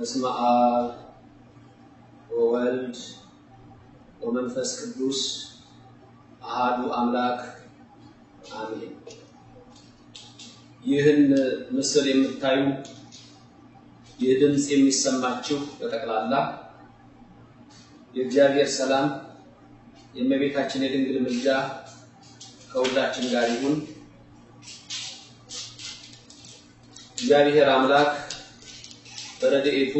በስመ አብ ወወልድ ወመንፈስ ቅዱስ አሃዱ አምላክ አሜን። ይህን ምስል የምታዩ ይህ ድምፅ የሚሰማችሁ በጠቅላላ የእግዚአብሔር ሰላም የእመቤታችን የድንግል ምልጃ ከሁላችን ጋር ይሁን። እግዚአብሔር አምላክ በረድኤቱ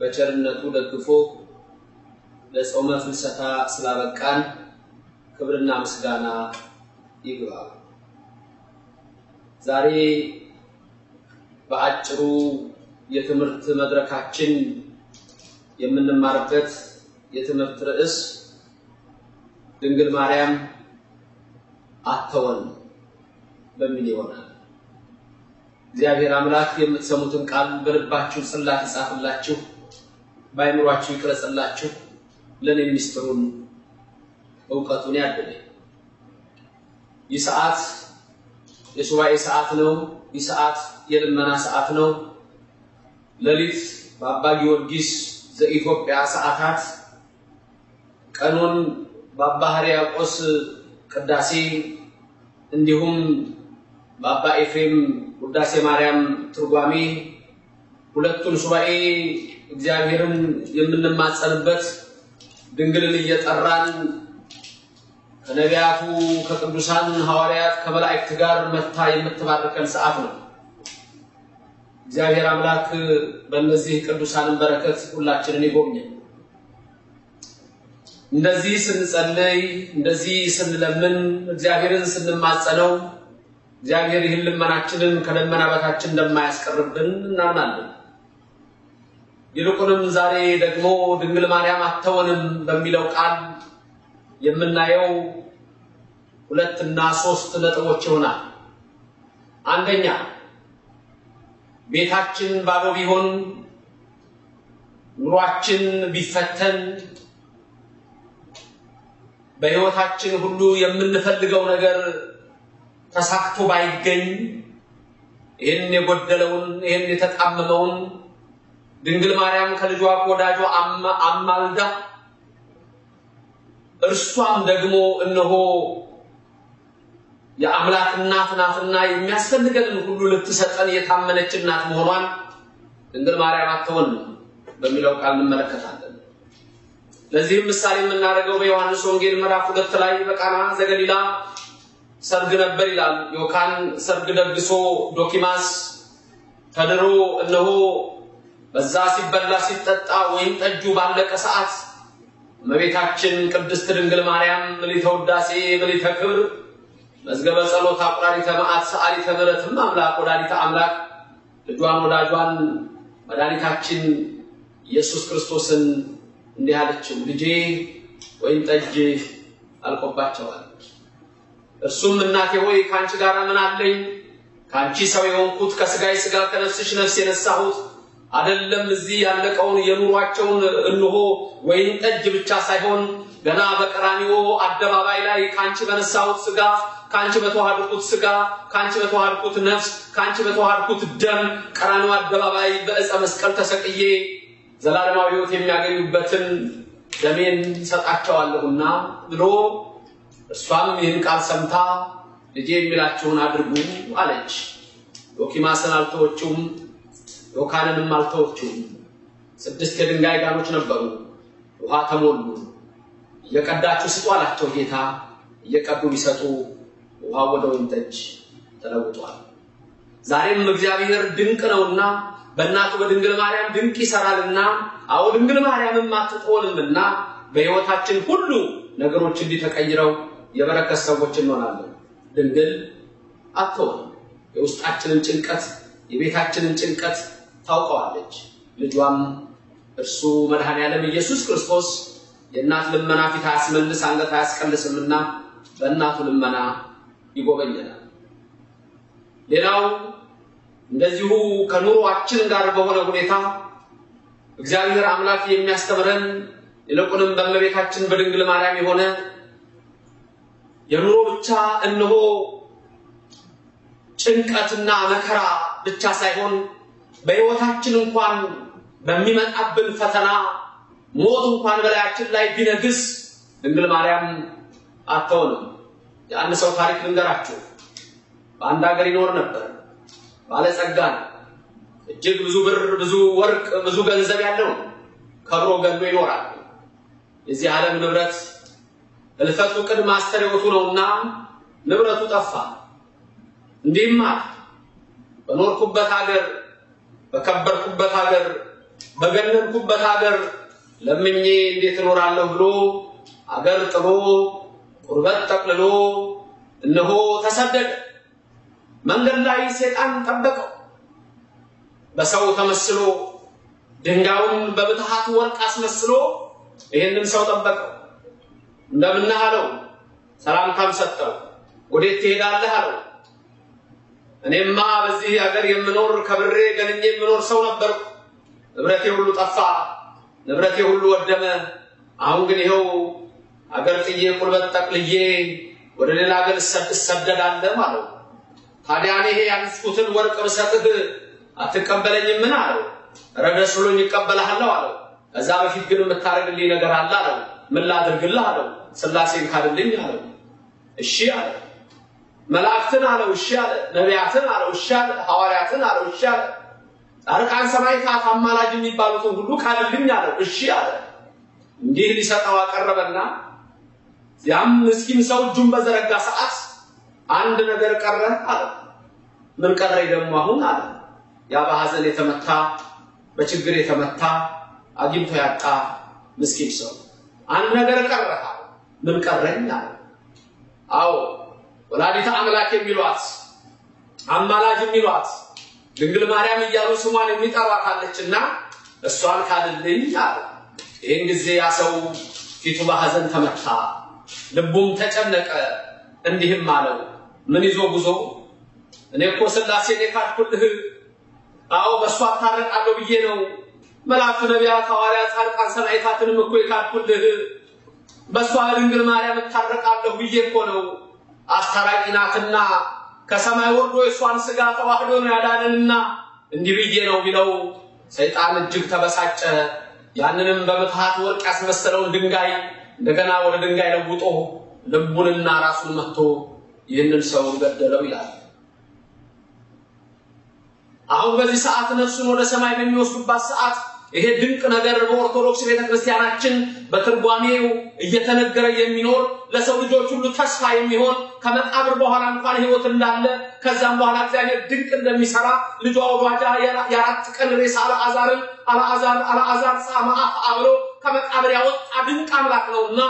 በቸርነቱ ደግፎ ለጾመ ፍልሰታ ስላበቃን ክብርና ምስጋና ይግባል። ዛሬ በአጭሩ የትምህርት መድረካችን የምንማርበት የትምህርት ርዕስ ድንግል ማርያም አተወን በሚል ይሆናል። እግዚአብሔር አምላክ የምትሰሙትን ቃል በልባችሁ ጽላት ይጻፍላችሁ፣ በአይምሯችሁ ይቅረጽላችሁ። ለእኔ ሚስጥሩን እውቀቱን ያደለኝ ይህ ሰዓት የሱባኤ ሰዓት ነው። ይህ ሰዓት የልመና ሰዓት ነው። ሌሊት በአባ ጊዮርጊስ ዘኢትዮጵያ ሰዓታት፣ ቀኑን በአባ ሕርያቆስ ቅዳሴ እንዲሁም በአባ ኤፍሬም ውዳሴ ማርያም ትርጓሜ ሁለቱን ሱባኤ እግዚአብሔርን የምንማጸንበት ድንግልን እየጠራን ከነቢያቱ ከቅዱሳን ሐዋርያት ከመላእክት ጋር መታ የምትባርከን ሰዓት ነው። እግዚአብሔር አምላክ በእነዚህ ቅዱሳንን በረከት ሁላችንን ይጎብኛል። እንደዚህ ስንጸልይ፣ እንደዚህ ስንለምን፣ እግዚአብሔርን ስንማጸነው እግዚአብሔር ይህን ልመናችንን ከደመና በታችን እንደማያስቀርብን እናምናለን። ይልቁንም ዛሬ ደግሞ ድንግል ማርያም አተወንም በሚለው ቃል የምናየው ሁለት እና ሶስት ነጥቦች ይሆናል። አንደኛ ቤታችን ባዶ ቢሆን፣ ኑሯችን ቢፈተን፣ በሕይወታችን ሁሉ የምንፈልገው ነገር ተሳክቶ ባይገኝ ይህን የጎደለውን ይህን የተጣመመውን ድንግል ማርያም ከልጇ ከወዳጇ አማልዳ እርሷም ደግሞ እነሆ የአምላክ እናት ናትና የሚያስፈልገንን ሁሉ ልትሰጠን የታመነች እናት መሆኗን ድንግል ማርያም ነው። በሚለው ቃል እንመለከታለን። ለዚህም ምሳሌ የምናደርገው በዮሐንስ ወንጌል ምዕራፍ ሁለት ላይ በቃና ዘገሊላ ሰርግ ነበር ይላል። ዮካን ሰርግ ደግሶ ዶኪማስ ተድሮ እነሆ በዛ ሲበላ ሲጠጣ ወይን ጠጁ ባለቀ ሰዓት መቤታችን ቅድስት ድንግል ማርያም ምልዕተ ውዳሴ ክብር መዝገበ ጸሎት አቁራሪተ መዓት ሰዓሊተ ምሕረትም አምላክ ወላዲተ አምላክ ልጇን ወዳጇን መድኃኒታችን ኢየሱስ ክርስቶስን እንዲህ አለችው፣ ልጄ ወይን ጠጅ አልቆባቸዋል እሱም እናቴ ሆይ ከአንቺ ጋር ምን አለኝ? ከአንቺ ሰው የሆንኩት ከስጋይ ስጋ ከነፍስሽ ነፍስ የነሳሁት አደለም። እዚህ ያለቀውን የኑሯቸውን እንሆ ወይን ጠጅ ብቻ ሳይሆን ገና በቀራኒዎ አደባባይ ላይ ከአንቺ በነሳሁት ስጋ ከአንቺ በተዋሃድኩት ስጋ ከአንቺ በተዋሃድኩት ነፍስ ከአንቺ በተዋሃድኩት ደም ቀራኒዎ አደባባይ በእፀ መስቀል ተሰቅዬ ዘላለማዊ ሕይወት የሚያገኙበትን ደሜን ሰጣቸዋለሁና ብሎ እርሷም ይህን ቃል ሰምታ ልጄ የሚላቸውን አድርጉ አለች። ዮኪማስን አልተወችውም፣ ዮካንንም አልተወችውም። ስድስት የድንጋይ ጋኖች ነበሩ፣ ውሃ ተሞሉ። እየቀዳችሁ ስጡ አላቸው ጌታ። እየቀዱ ቢሰጡ ውሃው ወደ ወይን ጠጅ ተለውጧል። ዛሬም እግዚአብሔር ድንቅ ነውና በእናቱ በድንግል ማርያም ድንቅ ይሰራልና፣ አዎ ድንግል ማርያምም አትጥሆንምና በሕይወታችን ሁሉ ነገሮች እንዲህ ተቀይረው የበረከት ሰዎች እንሆናለን። ድንግል አትሆን። የውስጣችንን ጭንቀት የቤታችንን ጭንቀት ታውቀዋለች። ልጇም እርሱ መድኃኔ ዓለም ኢየሱስ ክርስቶስ የእናት ልመና ፊት አያስመልስ አንገት አያስቀልስምና በእናቱ ልመና ይጎበኘናል። ሌላው እንደዚሁ ከኑሯችን ጋር በሆነ ሁኔታ እግዚአብሔር አምላክ የሚያስተምረን ይልቁንም በእመቤታችን በድንግል ማርያም የሆነ የኑሮ ብቻ እነሆ ጭንቀትና መከራ ብቻ ሳይሆን በሕይወታችን እንኳን በሚመጣብን ፈተና ሞት እንኳን በላያችን ላይ ቢነግስ ድንግል ማርያም አትተውንም። የአንድ ሰው ታሪክ ልንገራችሁ። በአንድ ሀገር ይኖር ነበር። ባለጸጋ ነው። እጅግ ብዙ ብር፣ ብዙ ወርቅ፣ ብዙ ገንዘብ ያለው ከብሮ ገሎ ይኖራል። የዚህ ዓለም ንብረት እልፈቱ ቅድመ አስተርእዮቱ ነውና ንብረቱ ጠፋ። እንዲህም በኖርኩበት ሀገር፣ በከበርኩበት ሀገር፣ በገነንኩበት ሀገር ለምኜ እንዴት እኖራለሁ ብሎ አገር ጥሎ ቁርበት ጠቅልሎ እነሆ ተሰደደ። መንገድ ላይ ሴጣን ጠበቀው። በሰው ተመስሎ ድንጋዩን በብትሃት ወርቅ አስመስሎ ይህንን ሰው ጠበቀው። እንደምነህ አለው። ሰላምታም ሰጠው። ወዴት ትሄዳለህ አለው። እኔማ በዚህ ሀገር የምኖር ከብሬ ገንኜ የምኖር ሰው ነበርኩ። ንብረቴ ሁሉ ጠፋ፣ ንብረቴ ሁሉ ወደመ። አሁን ግን ይኸው አገር ጥዬ ቁልበት ጠቅልዬ ወደ ሌላ ሀገር እሰደዳለሁ አለው። ታዲያ እኔ ያንስኩትን ወርቅ ብሰጥህ አትቀበለኝምን? አለው። ረደስ ብሎኝ ይቀበልሃለሁ አለው። ከዛ በፊት ግን የምታደርግልኝ ነገር አለ አለው። ምን ላድርግልህ አለው። ስላሴን ካድልኝ አለው። እሺ አለ። መላእክትን አለው። እሺ አለ። ነቢያትን አለው። እሺ አለ። ሐዋርያትን አለው። እሺ አለ። ጻድቃን ሰማዕታት፣ አማላጅ የሚባሉትን ሁሉ ካድልኝ አለው። እሺ አለ። እንዲህ ሊሰጠው አቀረበና ያም ምስኪን ሰው እጁን በዘረጋ ሰዓት አንድ ነገር ቀረ አለ። ምን ቀረኝ ደግሞ አሁን አለ። ያ በሐዘን የተመታ በችግር የተመታ አግኝቶ ያጣ ምስኪን ሰው አንድ ነገር ቀረህ። ምን ቀረኝ አለ። አዎ ወላዲተ አምላክ የሚሏት አማላጅ የሚሏት ድንግል ማርያም እያሉ ስሟን የሚጠራ ካለችና እሷን ካልልኝ አለ። ይህን ጊዜ ያ ሰው ፊቱ በሐዘን ተመታ፣ ልቡም ተጨነቀ። እንዲህም አለው ምን ይዞ ጉዞ እኔ እኮ ስላሴን የካድኩልህ አዎ በእሷ አታረቃለሁ ብዬ ነው መላእክቱ፣ ነቢያት፣ ሐዋርያት፣ ጻድቃን፣ ሰማዕታትንም እኮ የካድኩልህ በእሷ ድንግል ማርያም እታረቃለሁ ብዬ እኮ ነው። አስታራቂ ናትና ከሰማይ ወርዶ የእሷን ስጋ ተዋህዶ ነው ያዳነንና እንዲህ ብዬ ነው ቢለው ሰይጣን እጅግ ተበሳጨ። ያንንም በምትሃት ወርቅ ያስመሰለውን ድንጋይ እንደገና ወደ ድንጋይ ለውጦ ልቡንና ራሱን መጥቶ ይህንን ሰው ገደለው ይላል። አሁን በዚህ ሰዓት ነፍሱን ወደ ሰማይ በሚወስዱባት ሰዓት ይሄ ድንቅ ነገር በኦርቶዶክስ ቤተክርስቲያናችን በትርጓሜው እየተነገረ የሚኖር ለሰው ልጆች ሁሉ ተስፋ የሚሆን ከመቃብር በኋላ እንኳን ሕይወት እንዳለ ከዛም በኋላ እግዚአብሔር ድንቅ እንደሚሰራ ልጇ ወዳጃ የአራት ቀን ሬሳ አልአዛርን አልአዛር አልአዛር ጻማአፍ አብሮ ከመቃብር ያወጣ ድንቅ አምላክ ነውና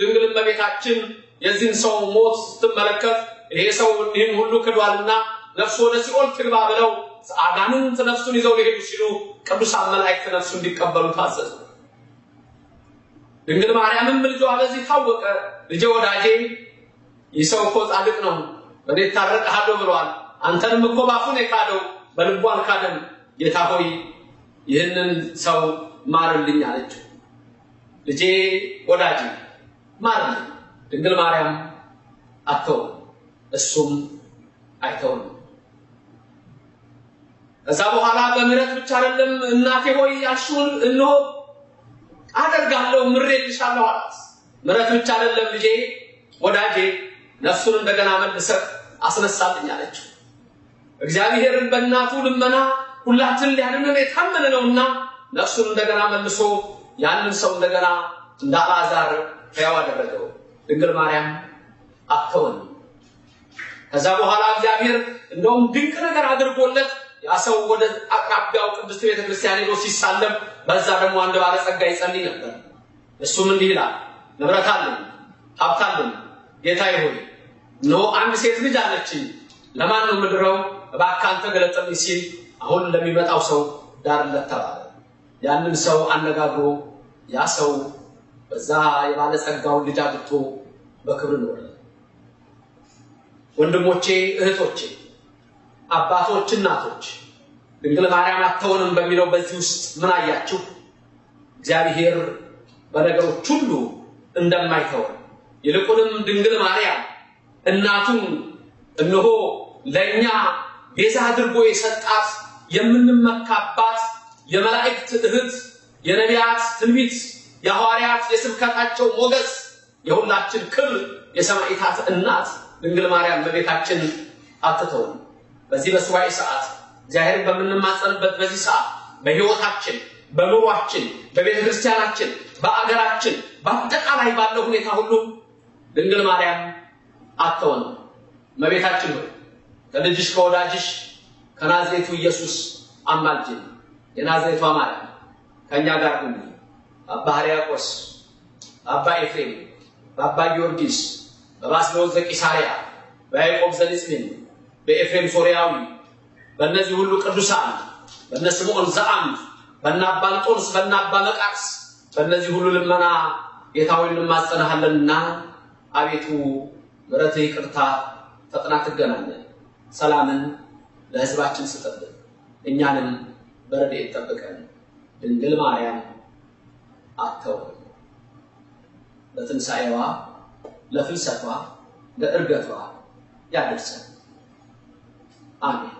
ድንግልን በቤታችን የዚህን ሰው ሞት ስትመለከት ይሄ ሰው ይህን ሁሉ ክዷልና ነፍሱ ወደ ሲኦል ትግባ ብለው አጋንንት ነፍሱን ይዘው ሊሄዱ ሲሉ ቅዱሳን መላእክት ነፍሱ እንዲቀበሉ ታዘዙ። ድንግል ማርያምም ልጇ በዚህ ታወቀ። ልጄ ወዳጄ፣ ይህ ሰው እኮ ጻድቅ ነው፣ በእኔ ታረቅሃለሁ ብለዋል። አንተንም እኮ ባፉን የካደው በልቡ አልካደም። ጌታ ሆይ ይህንን ሰው ማርልኝ አለችው። ልጄ ወዳጄ ማርልኝ። ድንግል ማርያም አተው እሱም አይተውም። ከዛ በኋላ በምህረት ብቻ አይደለም እናቴ ሆይ ያልሽውን እነሆ አደርጋለሁ ምሬልሻለሁ አላት። ምህረት ብቻ አይደለም ልጄ ወዳጄ ነፍሱን እንደገና መልሰህ አስነሳልኝ አለችው። እግዚአብሔር በእናቱ ልመና ሁላችን ሊያድነን የታመነ ነውና ነፍሱን እንደገና መልሶ ያንን ሰው እንደገና እንደ አልዓዛር ሕያው አደረገው። ድንግል ማርያም አትተወንም። ከዛ በኋላ እግዚአብሔር እንደውም ድንቅ ነገር አድርጎለት ያ ሰው ወደ አቅራቢያው ቅድስት ቤተ ክርስቲያን ሄዶ ሲሳለም፣ በዛ ደግሞ አንድ ጸጋ ይጸልይ ነበር። እሱም እንዲህ ይላል፣ ንብረት አለን፣ ሀብት አለን፣ ጌታ ይሁን ኖ አንድ ሴት ልጅ አለችኝ፣ ለማን ነው ምድረው? እባክህ አንተ ገለጥልኝ ሲል አሁን ለሚመጣው ሰው ዳርለት ተባለ። ያንን ሰው አነጋግሮ ያ ሰው በዛ የባለጸጋውን ልጅ አግብቶ በክብር ኖረ። ወንድሞቼ እህቶቼ አባቶች፣ እናቶች ድንግል ማርያም አትሆንም በሚለው በዚህ ውስጥ ምን አያችሁ? እግዚአብሔር በነገሮች ሁሉ እንደማይተው ይልቁንም ድንግል ማርያም እናቱን እነሆ ለእኛ ቤዛ አድርጎ የሰጣት የምንመካባት የመላእክት እህት፣ የነቢያት ትንቢት፣ የሐዋርያት የስብከታቸው ሞገስ፣ የሁላችን ክብር፣ የሰማዕታት እናት ድንግል ማርያም በቤታችን አትተውም። በዚህ በሱባኤ ሰዓት እግዚአብሔርን በምንማጸንበት በዚህ ሰዓት በህይወታችን፣ በኑሯችን፣ በቤተ ክርስቲያናችን፣ በአገራችን፣ በአጠቃላይ ባለው ሁኔታ ሁሉ ድንግል ማርያም አትተወን። መቤታችን ነው ከልጅሽ ከወዳጅሽ ከናዝሬቱ ኢየሱስ አማልጅን። የናዝሬቷ ማርያም ከእኛ ጋር ሁን። አባ ሕርያቆስ፣ አባ ኤፍሬም፣ አባ ጊዮርጊስ፣ በባስልዮስ ዘቂሳርያ፣ በያዕቆብ ዘኒጽሊን በኤፍሬም ሶሪያዊ በእነዚህ ሁሉ ቅዱሳን፣ በእነ ስምዖን ዘአምድ፣ በእነ አባ ልጦንስ፣ በእነ አባ መቃርስ፣ በእነዚህ ሁሉ ልመና ጌታዊ እንማጸናሃለንና አቤቱ ምሕረትህ ይቅርታ ፈጥና ትገናለን ሰላምን ለህዝባችን ስጠብን፣ እኛንም በረድኤት ጠብቀን። ድንግል ማርያም አተው ለትንሣኤዋ፣ ለፍልሰቷ፣ ለእርገቷ ያደርሰን። Amén.